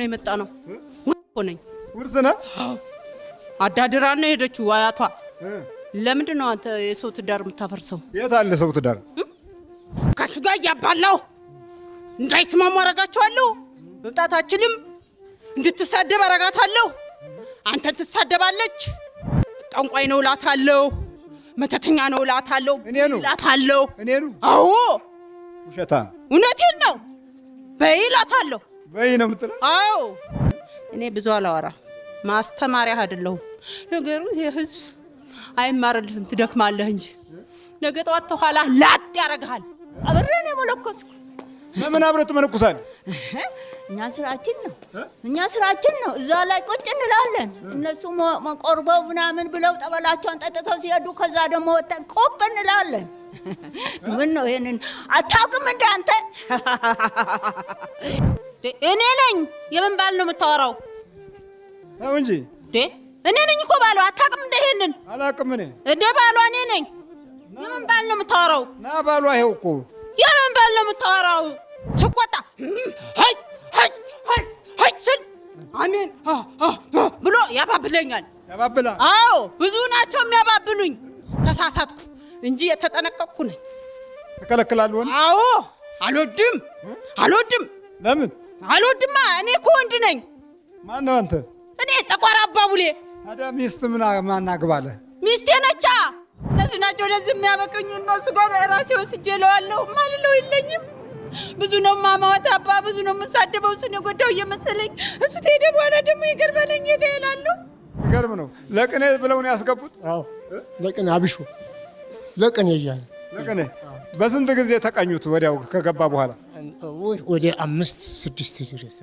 ነው የመጣ ነው። ውርስ እኮ ነኝ። ውርስ ነህ? አዳድራ ነው የሄደችው አያቷ። ለምንድን ነው አንተ የሰው ትዳር የምታፈርሰው? የት አለ ሰው ትዳር? ከሱ ጋር እያባላሁ እንዳይስማሙ አረጋችኋለሁ። መምጣት አችልም። እንድትሳደብ አረጋታለሁ። አንተን ትሳደባለች። ጠንቋይ ነው እላታለሁ። መተተኛ ነው እላታለሁ። እኔ ነው እላታለሁ። እኔ ነው። አዎ ውሸታ፣ እውነቴን ነው በይ እላታለሁ። በይ ነው የምትለው? አዎ እኔ ብዙ አላወራም። ማስተማሪያ አይደለሁም። ነገሩ የህዝብ አይማርልህም፣ ትደክማለህ እንጂ ነገ ጠዋት ተኋላ ላጥ ያደርግሃል። አብሬ ነው የመለኮስኩ። ለምን አብረህ ትመነኩሳለህ? እኛ ስራችን ነው፣ እኛ ስራችን ነው። እዛ ላይ ቁጭ እንላለን። እነሱ መቆርበው ምናምን ብለው ጠበላቸውን ጠጥተው ሲሄዱ ከዛ ደግሞ ወጥተን ቆብ እንላለን። ምን ነው ይሄንን አታውቅም? እንዳንተ እኔ ነኝ። የምን ባል ነው የምታወራው? ተው እንጂ እኔ ነኝ እኮ ባሏ። አታውቅም? እንደ ይሄንን አላውቅም። እኔ እንደ ባሏ እኔ ነኝ። የምን ባል ነው የምታወራው? ና ባሏ ይኸው እኮ የምን ባል ነው የምታወራው? ስቆጣ ሀይ ሀይ ሀይ ሀይ ስል አሜን ብሎ ያባብለኛል። ያባብላ? አዎ ብዙ ናቸው የሚያባብሉኝ። ተሳሳትኩ እንጂ የተጠነቀቅኩ ነኝ። ተከለክላለሁ። አዎ አልወድም፣ አልወድም። ለምን አልወድማ። እኔ እኮ ወንድ ነኝ። ማነው አንተ? እኔ ጠቋራ አባቡሌ። ታዲያ ሚስት ምን ማናግባለ? ሚስቴ ነቻ። እነሱ ናቸው ወደዚህ የሚያበቅኝ። እነሱ ጋር ራሴ ወስጄ ለዋለሁ። ማልለው የለኝም። ብዙ ነው ማማወት አባ፣ ብዙ ነው የምሳደበው። እሱን የጎዳው እየመሰለኝ እሱ ተሄደ በኋላ ደግሞ ይቅር በለኝ የተሄላለሁ። ይገርም ነው። ለቅኔ ብለውን ያስገቡት። ለቅኔ አብሾ ለቅኔ እያለ ለቅኔ። በስንት ጊዜ ተቀኙት? ወዲያው ከገባ በኋላ ወደ አምስት ስድስት ድረስ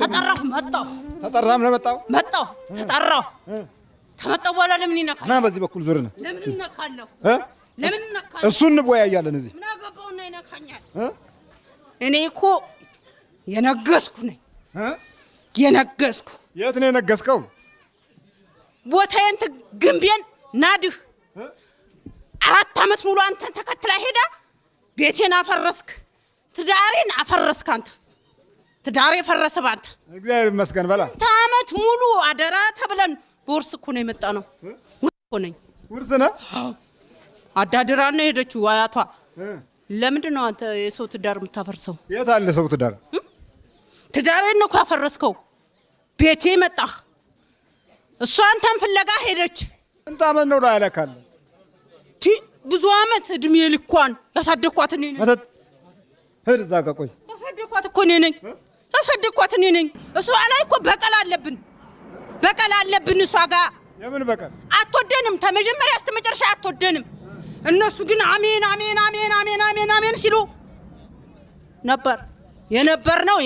ተጠራሁ መጣሁ። ተጠራም ለመጣሁ መጣሁ ተጠራሁ ከመጣሁ በኋላ ለምን ይነካል? ና በዚህ በኩል ዙር ነው። ለምን እነካለሁ? ለምን እነካለሁ? እሱን እንወያያለን። እዚህ ምን አገባውና ይነካኛል? እኔ እኮ የነገስኩ ነኝ። የነገስኩ የት ነው የነገስከው? ቦታዬን ግንቤን ናድህ አራት አመት ሙሉ አንተን ተከትላ ሄዳ ቤቴን አፈረስክ፣ ትዳሬን አፈረስክ። አንተ ትዳሬ ፈረሰ ባንተ። እግዚአብሔር ይመስገን በላ አመት ሙሉ አደራ ተብለን በውርስ እኮ ነው የመጣ ነው። ውርስ እኮ ነኝ። ውርስ ነህ። አዳድራ ነው የሄደችው አያቷ ለምንድን ነው አንተ የሰው ትዳር የምታፈርሰው? የት አለ ሰው ትዳር? ትዳሬን ነው ያፈረስከው። ቤቴ መጣህ። እሷ አንተን ፍለጋ ሄደች። ስንት ዓመት ነው ላይ ያለካለ ብዙ አመት እድሜ ልኳን ያሳደግኳት እኔ ነኝ። ሂድ እዛ ጋር ቆይ። ያሳደግኳት እኮ እኔ ነኝ። ያሳደግኳት እኔ ነኝ። እሷ ላይ እኮ በቀል አለብን፣ በቀል አለብን እሷ ጋር። የምን በቀል? አትወደንም። ተመጀመሪያ እስከ መጨረሻ አትወደንም። እነሱ ግን አሜን አሜን አሜን አሜን አሜን አሜን ሲሉ ነበር የነበር ነው።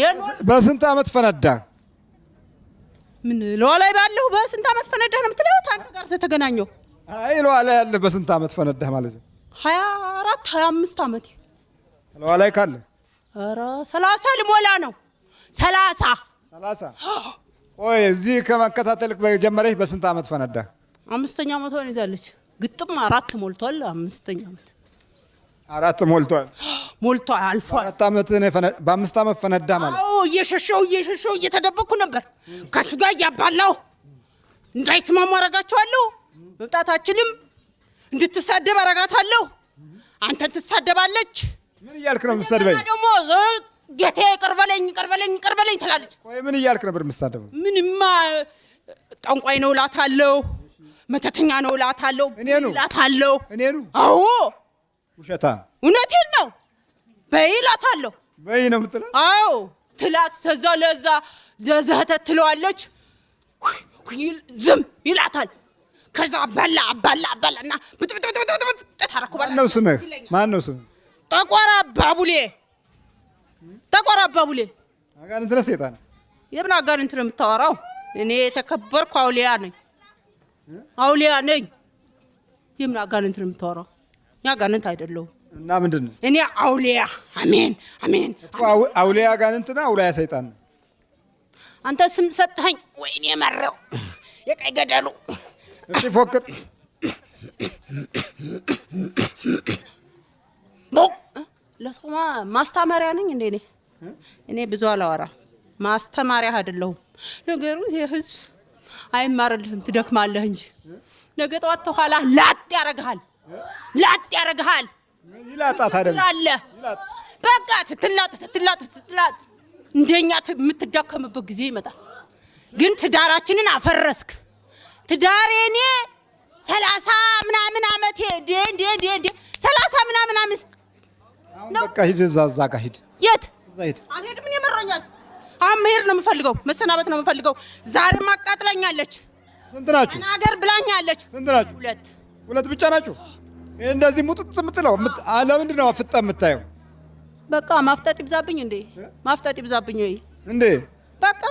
በስንት ዓመት ፈነዳ? ምን ለዋ ላይ ባለሁ በስንት ዓመት ፈነዳ ነው የምትለው? አንተ ጋር ስለተገናኘሁ። አይ ለዋ ላይ ያለ በስንት ዓመት ፈነዳ ማለት ነው? 24 25 ዓመት ለዋ ላይ ካለ ኧረ 30 ልሞላ ነው። 30 30 ቆይ እዚህ ከመከታተል ጀመረች በስንት ዓመት ፈነዳ? አምስተኛ ዓመቷን ይዛለች። ግጥም አራት ሞልቷል። አምስተኛ ዓመት አራት ሞልቷል ሞልቷል አልፏል። አራት ዓመት በአምስት ዓመት ፈነዳ ማለት አዎ። እየሸሸው እየሸሸው እየተደበኩ ነበር ከሱ ጋር እያባላሁ እንዳይስማሙ አረጋቸዋለሁ። መምጣታችንም እንድትሳደብ አረጋታለሁ። አንተን ትሳደባለች። ምን እያልክ ነው የምትሰድበኝ? ደግሞ ጌታ ቅርበለኝ ቅርበለኝ ቅርበለኝ ትላለች። ቆይ ምን እያልክ ነበር የምትሳደበው? ምንማ ጠንቋይ ነው እላታለሁ። መተተኛ ነው እላታለሁ እላታለሁ። እኔኑ አዎ፣ ውሸታ እውነቴን ነው በይ እላታለሁ። በይ ነው የምትለው? አዎ ትላት። ተዛ ለዛ ዘህተት ትለዋለች። ዝም ይላታል። ከዛ አባላ አባላ አባላ እና ብጥብጥብጥብጥ ተታረኩ። ማን ነው ስምህ? ማን ነው ስምህ? ጠቆራ አባቡሌ። ጠቆራ አባቡሌ። አጋንንት ነህ? ሰይጣን የምን አጋንንት ነው የምታወራው? እኔ የተከበርኩ አውሊያ ነኝ። አውሊያ ነኝ። የምን አጋንንት ነው የምታወራው? አጋንንት አይደለሁም። እና ምንድን ነው እኔ አውሊያ? አሜን አሜን። አውሊያ አጋንንት ነው፣ አውላያ ሰይጣን ነው። አንተ ስም ሰጥኸኝ። ወይኔ የመረው የቀይ ገደሉ። ፎክር ለሰው ማስተማሪያ ነኝ እንዴ? እኔ ብዙ አላወራም፣ ማስተማሪያ አይደለሁም። ነገሩ ይህ ህዝብ አይማርልህም፣ ትደክማለህ እንጂ ነገ ጠዋት ተኋላ ላጥ ያረግሃል፣ ላጥ ያረግሃል። ይላጣት አለ በቃ ስትላጥ ስትላጥ ስትላጥ እንደኛ የምትዳከምበት ጊዜ ይመጣል። ግን ትዳራችንን አፈረስክ። ትዳሬ እኔ ሰላሳ ምናምን አመቴ እንዴ ሰላሳ ምናምን አምስት በቃ ሂድ፣ እዛ እዛ ጋር ሂድ። የት አልሄድም፣ እኔ መሮኛል አሁን መሄድ ነው የምፈልገው፣ መሰናበት ነው የምፈልገው። ዛሬም አቃጥለኛለች። ስንት ናችሁ? ተናገር ብላኛለች። ስንት ናችሁ? ሁለት ሁለት ብቻ ናችሁ? እንደዚህ ሙጥጥ የምትለው ለምንድን ነው ፍጠ የምታየው? በቃ ማፍጠጥ ይብዛብኝ እንዴ? ማፍጠጥ ይብዛብኝ ወይ እንዴ? በቃ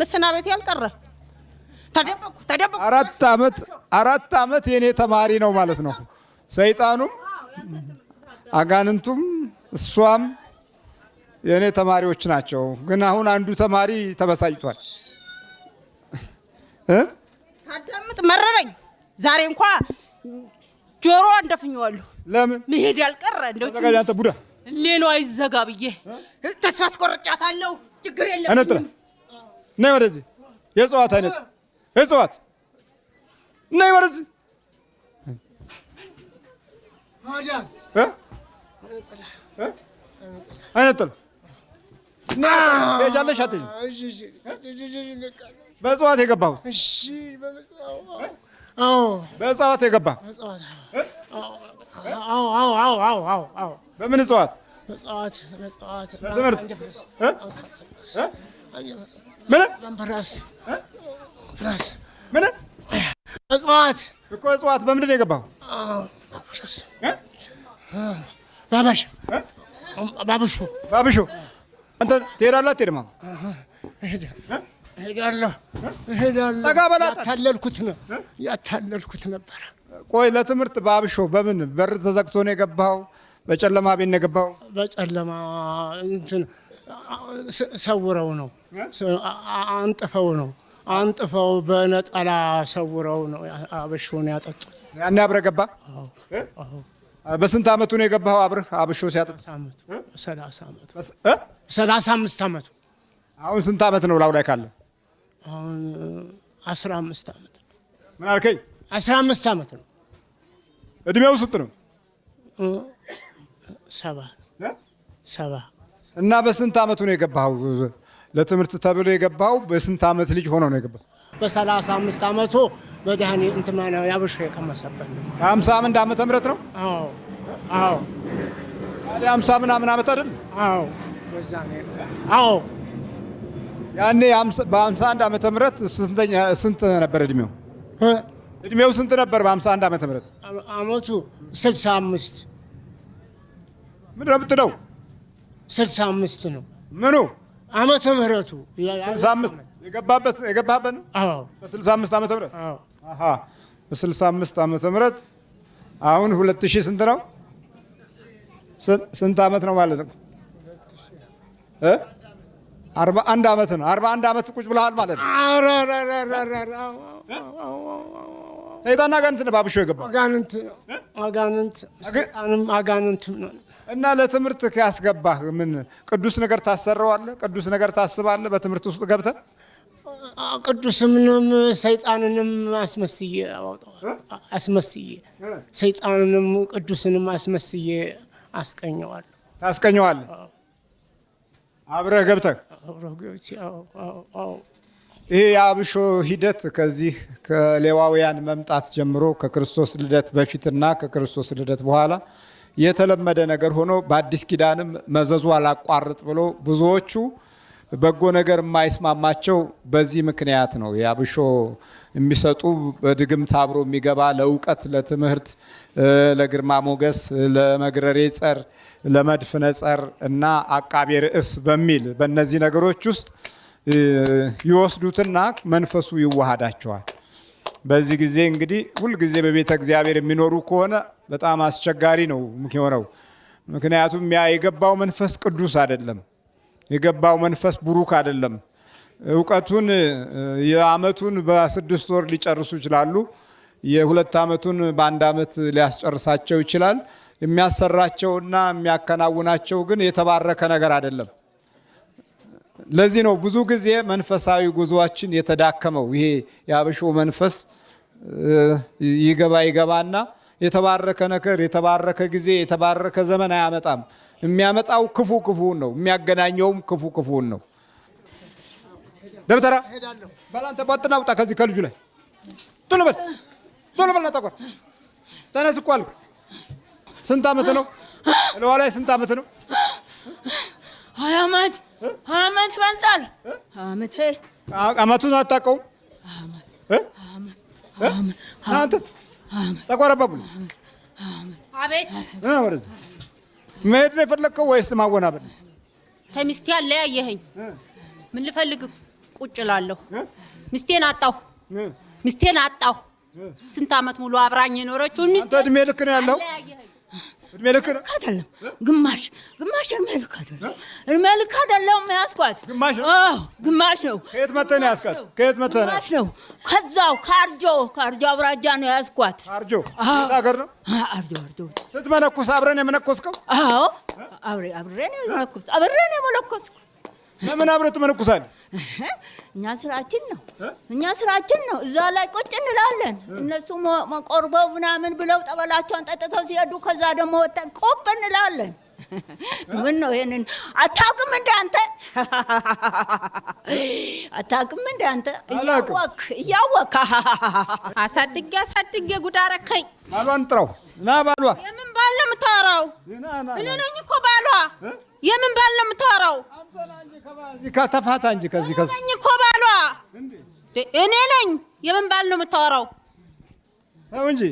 መሰናበት ያልቀረ ተደበቁ ተደበቁ። አራት አመት አራት አመት የኔ ተማሪ ነው ማለት ነው። ሰይጣኑም አጋንንቱም እሷም የእኔ ተማሪዎች ናቸው። ግን አሁን አንዱ ተማሪ ተበሳጭቷል። ታዳምጥ መረረኝ። ዛሬ እንኳ ጆሮ እንደፍኘዋለሁ። ለምን መሄድ ያልቀረ እንደው ቡዳ ሌላው አይዘጋ ብዬ ተስፋ አስቆርጫታለሁ። ችግር የለም። አነጥለ ነይ ወደዚህ የእጽዋት አይነት እጽዋት ነይ ወደዚህ አይነጥለ ሄጃለሽ አትሄጂም? በእጽዋት የገባሁት በእጽዋት የገባ በምን እጽዋት? በትምህርት ምን ምን እጽዋት እኮ እጽዋት በምንድን ነው የገባው? ባባሽ ባብሾ ባብሾ አንተ ትሄዳለህ አትሄድም? እሄዳለሁ እሄዳለሁ። ያታለልኩት ነው ያታለልኩት ነበረ። ቆይ ለትምህርት በአብሾ በምን በር ተዘግቶ ነው የገባኸው? በጨለማ ቤት ነው የገባኸው? በጨለማ እንትን ሰውረው ነው አንጥፈው ነው አንጥፈው በነጠላ ሰውረው ነው አብሾን ያጠጡት። ያኔ አብረህ ገባህ? በስንት አመቱ ነው የገባኸው? አብረህ አብሾ ሲያጠጡ ሰላሳ አመቱ ሰላሳ አምስት ዓመቱ አሁን ስንት ዓመት ነው ላውላይ ካለ? አሁን አስራ አምስት ዓመት ነው። ምን አልከኝ? አስራ አምስት ዓመት ነው። እድሜው ስንት ነው? ሰባ ሰባ እና በስንት ዓመቱ ነው የገባው? ለትምህርት ተብሎ የገባው በስንት ዓመት ልጅ ሆኖ ነው የገባው? በሰላሳ አምስት ዓመቱ መድኃኒ እንትና ነው ያበሾ የቀመሰበት ነው። ሀምሳ አንድ ዓመተ ምህረት ነው። አዎ አዎ። ታዲያ ሀምሳ ምናምን ዓመት አይደል? አዎ አዎ ያኔ በ51 ዓመተ ምህረት ስንት ነበር እድሜው? እድሜው ስንት ነበር በ51 ዓመተ ምህረት? አመቱ 65 ምን ነው የምትለው? 65 ነው ምኑ? አመተ ምህረቱ የገባበት የገባበት ነው። በ65 ዓመተ ምህረት በ65 ዓመተ ምህረት አሁን 2000 ስንት ነው? ስንት ዓመት ነው ማለት ነው? አርባ አንድ ዓመት ነው። አርባ አንድ ዓመት ቁጭ ብለሃል ማለት ነው። ሰይጣንና አጋንንት ነው ባብሾ የገባው አጋንንት አጋንንት አጋንንት እና ለትምህርት ያስገባህ ምን ቅዱስ ነገር ታሰረዋለህ? ቅዱስ ነገር ታስባለህ? በትምህርት ውስጥ ገብተህ ቅዱስምንም ሰይጣንንም አስመስዬ አስመስዬ ሰይጣንንም ቅዱስንም አስመስዬ አስቀኘዋለሁ ታስቀኘዋለህ አብረህ ገብተህ ይህ የአብሾ ሂደት ከዚህ ከሌዋውያን መምጣት ጀምሮ ከክርስቶስ ልደት በፊትና ከክርስቶስ ልደት በኋላ የተለመደ ነገር ሆኖ በአዲስ ኪዳንም መዘዙ አላቋርጥ ብሎ ብዙዎቹ በጎ ነገር የማይስማማቸው በዚህ ምክንያት ነው። የአብሾ የሚሰጡ በድግምት አብሮ የሚገባ ለእውቀት፣ ለትምህርት፣ ለግርማ ሞገስ፣ ለመግረሬ ጸር ለመድፍ ጸር እና አቃቤ ርዕስ በሚል በእነዚህ ነገሮች ውስጥ ይወስዱትና መንፈሱ ይዋሃዳቸዋል። በዚህ ጊዜ እንግዲህ ሁልጊዜ በቤተ እግዚአብሔር የሚኖሩ ከሆነ በጣም አስቸጋሪ ነው የሚሆነው። ምክንያቱም ያ የገባው መንፈስ ቅዱስ አይደለም፣ የገባው መንፈስ ቡሩክ አይደለም። እውቀቱን የአመቱን በስድስት ወር ሊጨርሱ ይችላሉ። የሁለት አመቱን በአንድ አመት ሊያስጨርሳቸው ይችላል። የሚያሰራቸውና የሚያከናውናቸው ግን የተባረከ ነገር አይደለም። ለዚህ ነው ብዙ ጊዜ መንፈሳዊ ጉዟችን የተዳከመው። ይሄ የአበሾው መንፈስ ይገባ ይገባና የተባረከ ነገር የተባረከ ጊዜ የተባረከ ዘመን አያመጣም። የሚያመጣው ክፉ ክፉውን ነው። የሚያገናኘውም ክፉ ክፉውን ነው። ደብተራ በላንተ በጥና ውጣ ከዚህ ከልጁ ላይ ቶሎ በል ቶሎ በል፣ ተነስ እኮ አልኩ ስንት ዓመት ነው? ለዋላይ ስንት ዓመት ነው? ሀያ ዓመት ሀያ ዓመት ይበልጣል። ዓመት ዓመቱን አታውቀውም? አንተ ጸጉረ አቤት። ወደዚህ መሄድ ነው የፈለግከው ወይስ ማወናበድ? ከሚስቴ አለያየኸኝ። ምን ልፈልግ ቁጭ እላለሁ። ሚስቴን አጣሁ፣ ሚስቴን አጣሁ። ስንት ዓመት ሙሉ አብራኝ የኖረችውን ሚስቴ እድሜ ልክ ነው ያለው እድሜ ልክ አይደለም። ግማሽ ግማሽ እድሜ ልክ አይደለም። እድሜ ልክ አይደለም። ያዝኳት ግማሽ ነው። አዎ ግማሽ ነው። ከየት መተህ ነው ያዝኳት? ከየት መተህ ነው? ግማሽ ነው። ከዛው ካርጆ ካርጆ አብራጃ ነው ያዝኳት። አርጆ አገር ነው። አርጆ አርጆ ስትመነኩስ አብረን የመነኮስከው? አዎ አብሬ አብሬ ነው የመነኮስኩት። አብሬ ነው ለምን አብረት ትመነኩሳለህ? እኛ ስራችን ነው። እኛ ስራችን ነው። እዛ ላይ ቁጭ እንላለን። እነሱ መቆርበው ምናምን ብለው ጠበላቸውን ጠጥተው ሲሄዱ፣ ከዛ ደግሞ ወጥተን ቆብ እንላለን። ምን ነው ይሄንን አታውቅም? እንዳንተ አታውቅም? አንተ እያወክ እያወክ አሳድጌ አሳድጌ ጉድ ባሏን ጥራው ና። ባሏ የምን ባል ነው የምታወራው? እኔ ነኝ እኮ ባሏ የምን ባል ነው የምታወራው? ከተፋታ እንጂ ከዚህ ከዚህ እኔ እኮ ባሏ እኔ ነኝ። የምን ባል ነው የምታወራው? ተው እንጂ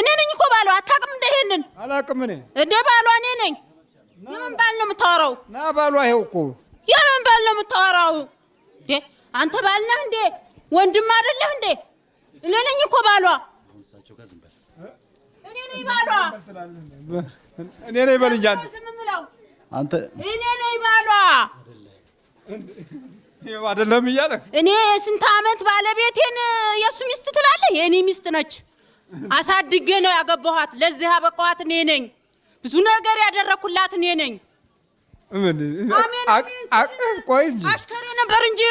እኔ ነኝ እኮ ባሏ። አታውቅም እንደ ይሄንን አላውቅም። እኔ እንደ ባሏ እኔ ነኝ። የምን ባል ነው የምታወራው? ና ባሏ ይሄው እኮ የምን ባል ነው የምታወራው? አንተ ባል ነህ እንዴ? ወንድም አይደለህ እንዴ? እኔ ነኝ እኮ ባሏ። እኔ ነኝ ባሏ። እኔ ነኝ በል እንጂ አንተ አንተ እኔ ነኝ ባሏ አይደለም እያለ እኔ የስንት አመት ባለቤቴን የእሱ ሚስት ትላለህ? የእኔ ሚስት ነች። አሳድጌ ነው ያገባኋት። ለዚህ ያበቃኋት እኔ ነኝ። ብዙ ነገር ያደረኩላት እኔ ነኝ። አሽከር ነበር እንጂ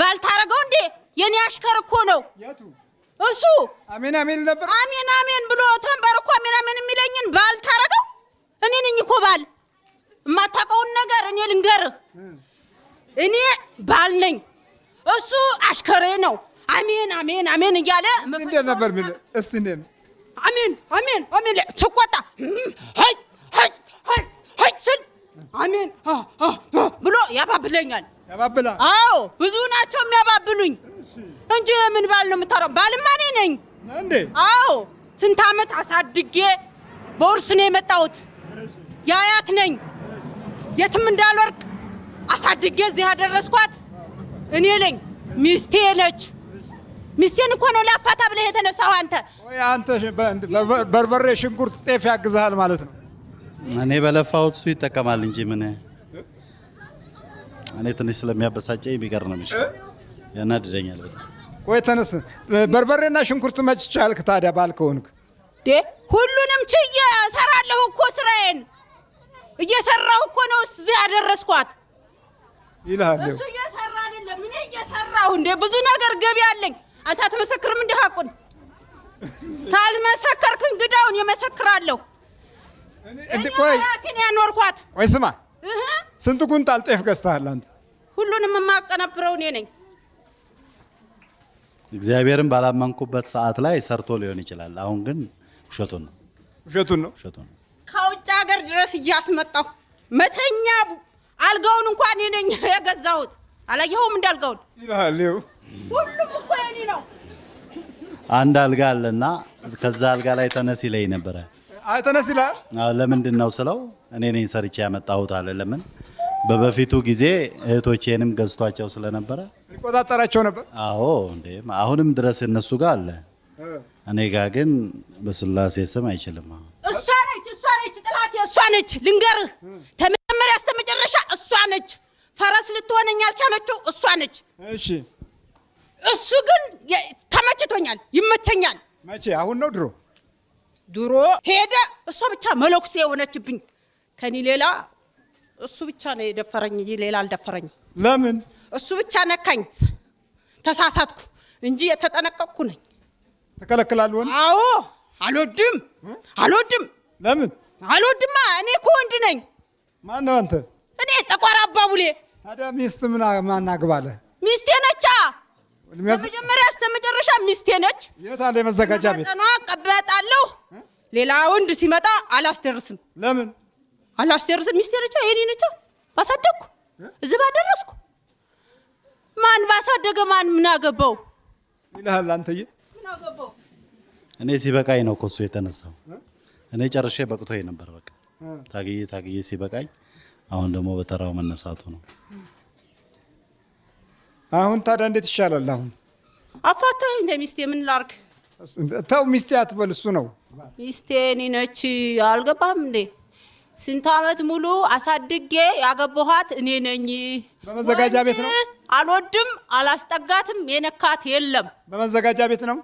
ባልታረገው እንዴ የእኔ አሽከር እኮ ነው እሱ። አሜን አሜን ነበር። አሜን አሜን ብሎ ተንበር እኮ አሜን አሜን የሚለኝን ባልታረገው እኔ ነኝ እኮ ባል የማታውቀውን ነገር እኔ ልንገርህ። እኔ ባል ነኝ፣ እሱ አሽከሬ ነው። አሜን አሜን አሜን እያለ እንዴት ነበር ሚል እስቲ እንዴት አሜን አሜን አሜን ስቆጣ ስል አሜን ብሎ ያባብለኛል። ያባብላ? አዎ ብዙ ናቸው የሚያባብሉኝ እንጂ ምን ባል ነው የምታወራው? ባልማ እኔ ነኝ እንዴ? አዎ ስንት ዓመት አሳድጌ በውርስ ነው የመጣሁት። የአያት ነኝ የትም እንዳልወርቅ አሳድጌ እዚህ ያደረስኳት እኔ ነኝ። ሚስቴ ነች። ሚስቴን እኮ ነው ላፋታ ብለህ የተነሳው አንተ። አንተ በርበሬ፣ ሽንኩርት፣ ጤፍ ያግዝሃል ማለት ነው። እኔ በለፋሁት እሱ ይጠቀማል እንጂ ምን እኔ ትንሽ ስለሚያበሳጨ የሚቀር ነው ሚሽ ያናድደኛል በጣም። ቆይ ተነስ። በርበሬና ሽንኩርት መች ቻልክ ታዲያ? ባልከውንክ ሁሉንም ችዬ እሰራለሁ እኮ ስራዬን እየሰራው እኮ ነው እዚህ ያደረስኳት ይልሃል። እሱ እየሰራ አይደለም እኔ እየሰራሁ እንደ ብዙ ነገር ገቢ አለኝ። አንተ አትመሰክርም? እንደ ሀቁን ታልመሰከርክ እንግዳውን የመሰክራለሁ። ራሴን ያኖርኳት። ቆይ ስማ፣ ስንት ኩንታል ጤፍ ገዝተሃል አንተ? ሁሉንም የማቀነብረው እኔ ነኝ። እግዚአብሔርን ባላመንኩበት ሰዓት ላይ ሰርቶ ሊሆን ይችላል። አሁን ግን ውሸቱን ነው፣ ውሸቱን ነው፣ ውሸቱን ነው። ድረስ እያስመጣሁ መተኛ አልጋውን እንኳን እኔ ነኝ የገዛሁት። አላየኸውም? እንዳልጋውን ይላል ሁሉም እኮ የኔ ነው። አንድ አልጋ አለና ከዛ አልጋ ላይ ተነስ ይለኝ ነበረ። ተነስ ይላል። ለምንድን ነው ስለው እኔ ነኝ ሰርቼ ያመጣሁት አለ። ለምን በበፊቱ ጊዜ እህቶቼንም ገዝቷቸው ስለነበረ ይቆጣጠራቸው ነበር። አዎ እንዴ አሁንም ድረስ እነሱ ጋር አለ። እኔ ጋር ግን በስላሴ ስም አይችልም። እሷ ነች ነች፣ ጥላት እሷ ነች። ልንገርህ ተመጀመሪያ እስከ መጨረሻ እሷ ነች። ፈረስ ልትሆነኝ ያልቻለችው እሷ ነች። እሺ እሱ ግን ተመችቶኛል፣ ይመቸኛል። መቼ? አሁን ነው ድሮ ድሮ ሄደ። እሷ ብቻ መለኩሴ የሆነችብኝ ከኔ ሌላ እሱ ብቻ ነው የደፈረኝ፣ ሌላ አልደፈረኝ። ለምን እሱ ብቻ ነካኝ። ተሳሳትኩ እንጂ የተጠነቀቅኩ ነኝ። ተከለክላል። አዎ አልወድም፣ አልወድም። ለምን አልወድማ። እኔ እኮ ወንድ ነኝ። ማነው አንተ? እኔ ጠቋር አባቡሌ። ታዲያ ሚስት ምን ማናግባለ? ሚስቴ ነቻ። መጀመሪያ እስከ መጨረሻ ሚስቴ ነች። የት አለ የመዘጋጃ ቤት? ቀበጣለሁ። ሌላ ወንድ ሲመጣ አላስደርስም። ለምን አላስደርስም? ሚስቴ ነቻ፣ የኔ ነቻ። ባሳደግኩ እዚህ ባደረስኩ ማን ባሳደገ ማን ምን አገባው ይልሃል አንተዬ። ምን አገባው? እኔ ሲበቃኝ ነው እኮ እሱ የተነሳው እኔ ጨርሼ በቅቶ ነበር። በቃ ታግዬ ታግዬ ሲበቃኝ አሁን ደግሞ በተራው መነሳቱ ነው። አሁን ታዲያ እንዴት ይሻላል? አሁን አፋታህ እንደ ሚስቴ ምን ላርግ? ተው ሚስቴ አትበል። እሱ ነው ሚስቴ እኔ ነች። አልገባም እንዴ? ስንት አመት ሙሉ አሳድጌ ያገባኋት እኔ ነኝ። በመዘጋጃ ቤት ነው። አልወድም፣ አላስጠጋትም። የነካት የለም። በመዘጋጃ ቤት ነው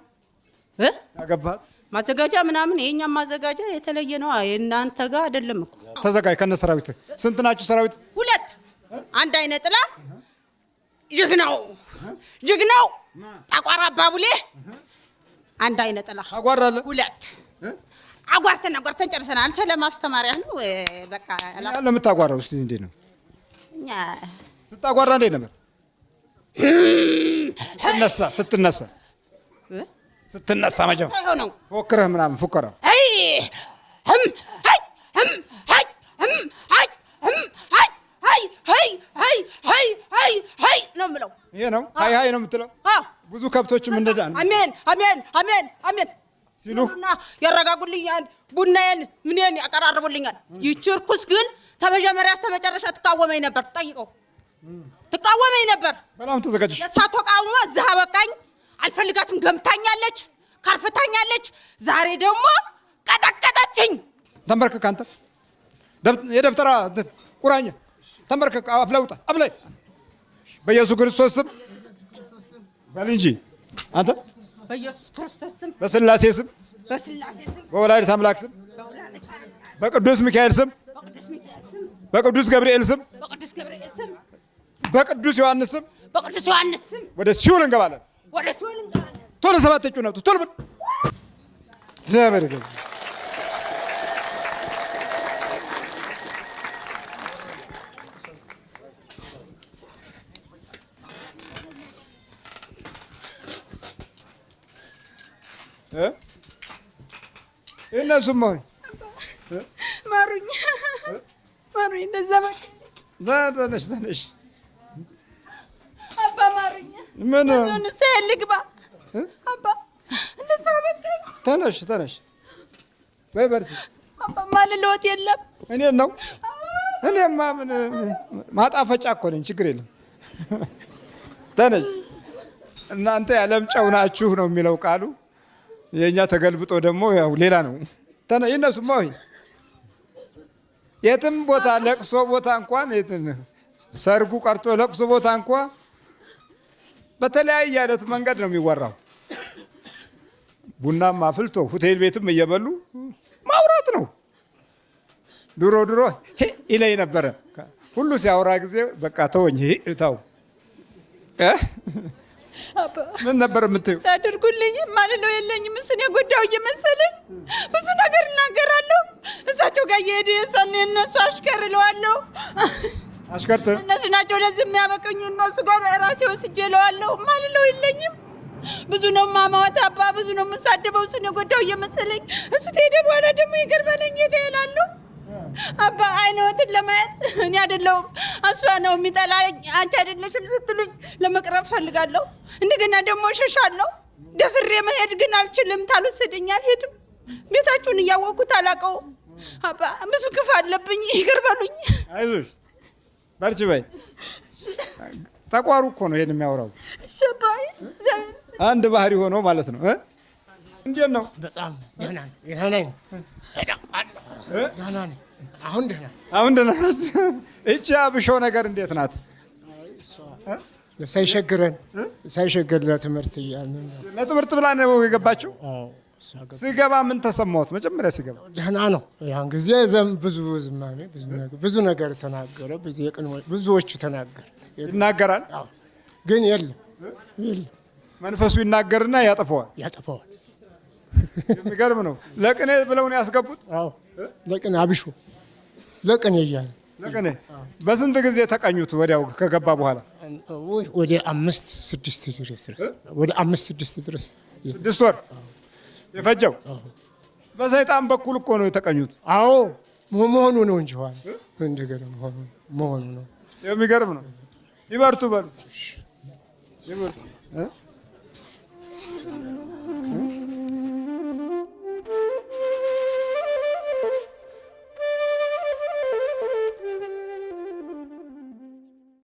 ያገባት ማዘጋጃ ምናምን የኛ ማዘጋጃ የተለየ ነው። የእናንተ ጋር አይደለም እኮ ተዘጋጅ። ከነ ሰራዊት ስንት ናችሁ? ሰራዊት ሁለት። አንድ አይነ ጥላ ጀግናው ጀግናው ጠቋራ አባቡሌ አንድ አይነ ጥላ አጓራለ ሁለት አጓርተን አጓርተን ጨርሰናል። አንተ ለማስተማሪያ ነው በቃ ለምታጓራው። እስቲ እንዴ ነው እኛ ስታጓራ እንዴ ነበር ስትነሳ ስትነሳ ስትነሳ መጀመ ፎክረህ ምናምን ነው የምለው። ይሄ ነው ሀይ ሀይ ነው የምትለው። ብዙ ከብቶችም እንደዳ አሜን አሜን አሜን አሜን ሲሉና ያረጋጉልኛል፣ ቡናዬን ምንን ያቀራርቡልኛል። ይቺ እርኩስ ግን ከመጀመሪያ እስከ መጨረሻ ትቃወመኝ ነበር። ጠይቀው ትቃወመኝ ነበር። በጣም ተዘጋጅሽ። ለእሷ ተቃውሞ እዚህ አልፈልጋትም። ገምታኛለች ከርፍታኛለች። ዛሬ ደግሞ ቀጠቀጠችኝ። ተንበርክክ አንተ የደብተራ ቁራኛ ተንበርክክ። አፍለውጣ አፍላይ በኢየሱስ ክርስቶስ ስም በል እንጂ አንተ በኢየሱስ ክርስቶስ ስም በስላሴ ስም በወላዲተ አምላክ ስም በቅዱስ ሚካኤል ስም በቅዱስ ገብርኤል ስም በቅዱስ ዮሐንስ ስም ወደ ሲኦል እንገባለን። Tona sabah tek gün oldu. Tona Size haber edeceğiz. He? E nasıl mı? Marun. Marun ne zaman? Da da ne Abba Marun. Ne ne? Ne አባ እንደዛ ተነሽ ተነሽ በርሲ አባ የለም እኔ ነው እኔ ማጣፈጫ እኮ ነኝ። ችግር የለም ተነሽ። እናንተ ያለም ጨው ናችሁ ነው የሚለው ቃሉ። የእኛ ተገልብጦ ደግሞ ያው ሌላ ነው። የትም ቦታ ለቅሶ ቦታ እንኳን ሰርጉ ቀርቶ ለቅሶ ቦታ እንኳ በተለያየ አይነት መንገድ ነው የሚወራው። ቡናም አፍልቶ ሆቴል ቤትም እየበሉ ማውራት ነው። ድሮ ድሮ ይለኝ ነበረ ሁሉ ሲያወራ ጊዜ በቃ ተወኝ እታው ምን ነበር የምትይው? ያደርጉልኝ ማንለው የለኝም። እሱን የጎዳው እየመሰለኝ ብዙ ነገር እናገራለሁ። እሳቸው ጋር እየሄድ የሳን እነሱ አሽከር እለዋለሁ። አሽከርት እነሱ ናቸው ለዚህ የሚያበቀኝ። እነሱ ጋር ራሴ ወስጄ እለዋለሁ። ማንለው የለኝም ብዙ ነው ማማወት አባ ብዙ ነው የምንሳደበው። እሱን የጎዳው እየመሰለኝ እሱ ተሄደ በኋላ ደግሞ ይቅር በለኝ የት እሄዳለሁ አባ አይነወትን ለማየት እኔ አይደለሁም እሷ ነው የሚጠላ አንቺ አይደለሽም ስትሉኝ ለመቅረብ ፈልጋለሁ። እንደገና ደግሞ ሸሻለሁ ደፍሬ መሄድ ግን አልችልም። ታልወሰደኝ አልሄድም። ቤታችሁን እያወቅኩት አላቀው አባ ብዙ ክፍ አለብኝ። ይቅር በሉኝ። አይዞሽ በርቺ በይ። ተቋሩ እኮ ነው ይሄን የሚያወራው ሸባይ አንድ ባህሪ ሆኖ ማለት ነው። እንዴት ነው? በጣም ደህና ነኝ። አሁን ደህና አሁን ደህና። እቺ አብሾ ነገር እንዴት ናት? ሳይሸግረን ሳይሸግር ለትምህርት እያለ ለትምህርት ብላ ነው የገባችው። ሲገባ ምን ተሰማሁት? መጀመሪያ ሲገባ ደህና ነው። ያን ጊዜ ዘም ብዙ ዝማሜ ብዙ ነገር ተናገረ። ብዙዎቹ ተናገር ይናገራል፣ ግን የለም የለም መንፈሱ ይናገርና ያጠፈዋል ያጠፈዋል። የሚገርም ነው። ለቅኔ ብለው ነው ያስገቡት። ለቅኔ አብሾ ለቅኔ እያለ ለቅኔ። በስንት ጊዜ ተቀኙት? ወዲያው ከገባ በኋላ ወደ አምስት ስድስት ድረስ ወደ አምስት ስድስት ድረስ ስድስት ወር የፈጀው በሰይጣን በኩል እኮ ነው የተቀኙት። አዎ መሆኑ ነው እንጂ ኋላ መሆኑ ነው። የሚገርም ነው። ይበርቱ በሉ ይበርቱ። Thank you.